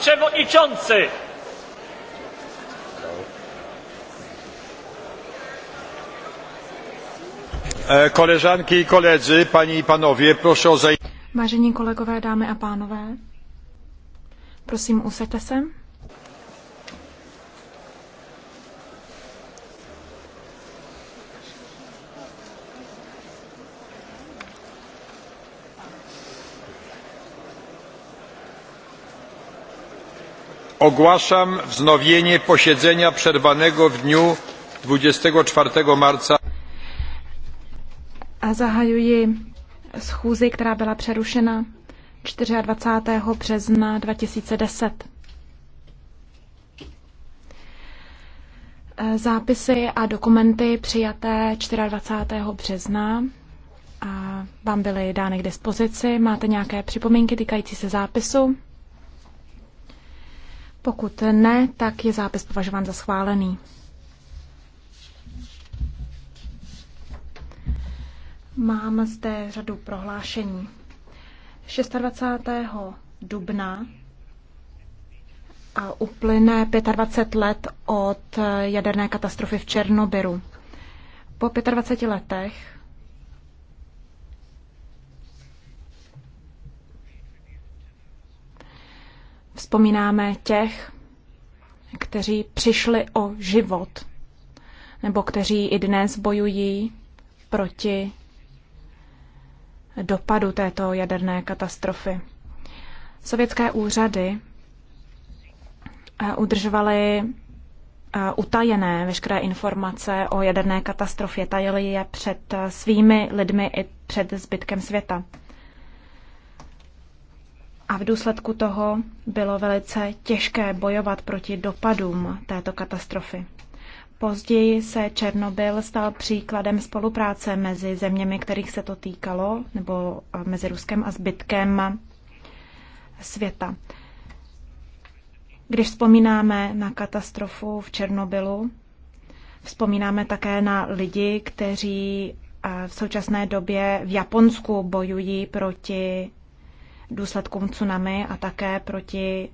przewodniczący! E, koleżanki i koledzy, panie i panowie, proszę o zajęcie. Vážení kolegové, dámy a pánové, prosím, usaďte se. Ogłaszam wznowienie posiedzenia przerwanego w dniu 24 marca. A zahajuji schůzi, která byla přerušena 24. března 2010. Eh, zápisy a dokumenty přijaté 24. března a vám byly dány k dispozici. Máte nějaké připomínky týkající se zápisu? Pokud ne, tak je zápis považován za schválený. Mám zde řadu prohlášení. 26. dubna a uplyne 25 let od jaderné katastrofy v Černobyru. Po 25 letech Vzpomínáme těch, kteří přišli o život, nebo kteří i dnes bojují proti dopadu této jaderné katastrofy. Sovětské úřady eh, udržovaly eh, utajené veškeré informace o jaderné katastrofě, tajili je před eh, svými lidmi i před zbytkem světa a v důsledku toho bylo velice těžké bojovat proti dopadům této katastrofy. Později se Černobyl stal příkladem spolupráce mezi zeměmi, kterých se to týkalo, nebo eh, mezi Ruskem a zbytkem světa. Když vzpomínáme na katastrofu v Černobylu, vzpomínáme také na lidi, kteří eh, v současné době v Japonsku bojují proti důsledkům tsunami a také proti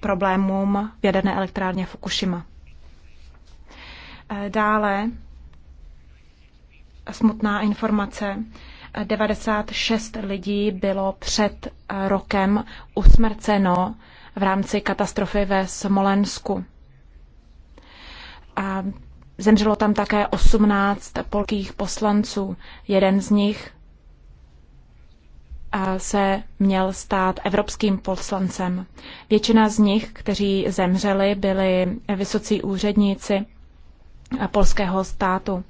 problémům v jaderné elektrárně Fukushima. Eh, dále smutná informace. 96 eh, lidí bylo před eh, rokem usmrceno v rámci katastrofy ve Smolensku. A zemřelo tam také 18 polských poslanců. Jeden z nich se měl stát evropským poslancem. Většina z nich, kteří zemřeli, byli vysocí úředníci polského státu.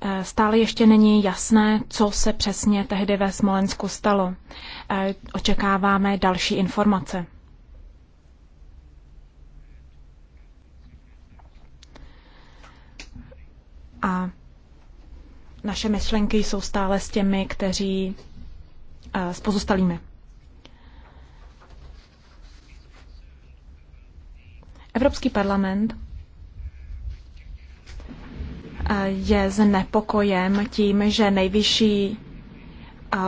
E, stále ještě není jasné, co se přesně tehdy ve Smolensku stalo. E, očekáváme další informace. A naše myšlenky jsou stále s těmi, kteří eh, s pozostalými. Evropský parlament eh, je nepokojem tím, že nejvyšší eh,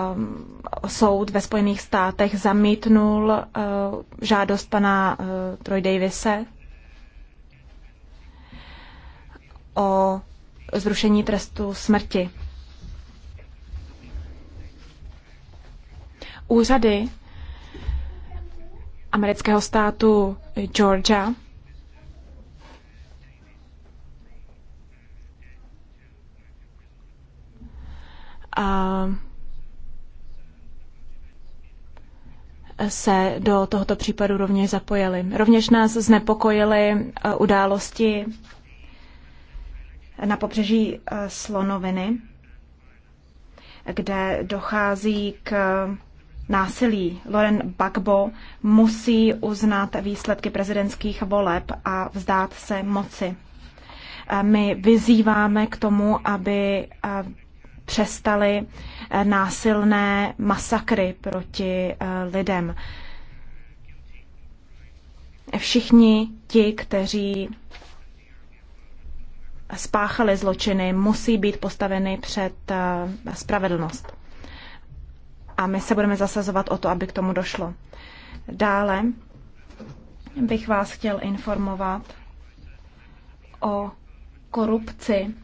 soud ve Spojených státech zamítnul žádost pana Troy Davise o zrušení trestu smrti. Úřady amerického státu Georgia a se do tohoto případu rovněž zapojili. Rovněž nás znepokojily uh, události na pobřeží eh, Slonoviny, kde dochází k násilí. Loren Bagbo musí uznat výsledky prezidentských voleb a vzdát se moci. Eh, my vyzýváme k tomu, aby eh, přestali násilné masakry proti lidem. Všichni ti, kteří spáchali zločiny, musí být postaveny před eh, spravedlnost. A my se budeme zasazovat o to, aby k tomu došlo. Dále bych vás chtěl informovat o korupci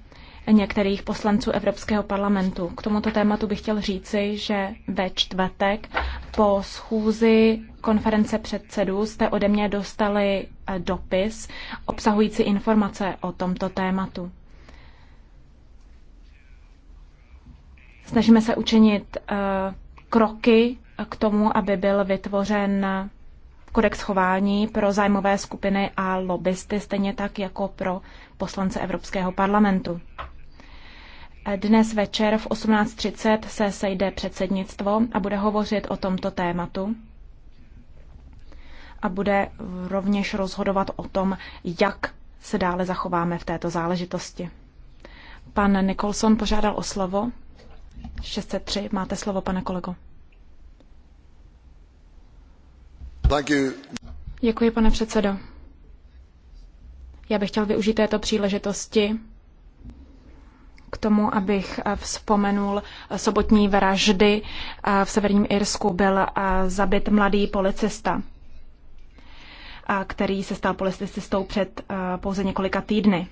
některých poslanců Evropského parlamentu. K tomuto tématu bych chtěl říci, že ve čtvrtek po schůzi konference předsedů jste ode mě dostali eh, dopis obsahující informace o tomto tématu. Snažíme se učinit eh, kroky k tomu, aby byl vytvořen kodex chování pro zájmové skupiny a lobbysty, stejně tak jako pro poslance Evropského parlamentu. Dnes večer v 18.30 se sejde předsednictvo a bude hovořit o tomto tématu a bude rovněž rozhodovat o tom, jak se dále zachováme v této záležitosti. Pan Nicholson požádal o slovo. 603, máte slovo, pane kolego. Thank you. Děkuji, pane předsedo. Já bych chtěl využít této příležitosti k tomu, abych eh, vzpomenul eh, sobotní vraždy. Eh, v severním Irsku byl zabit mladý policista, který se stal policistou před pouze několika týdny.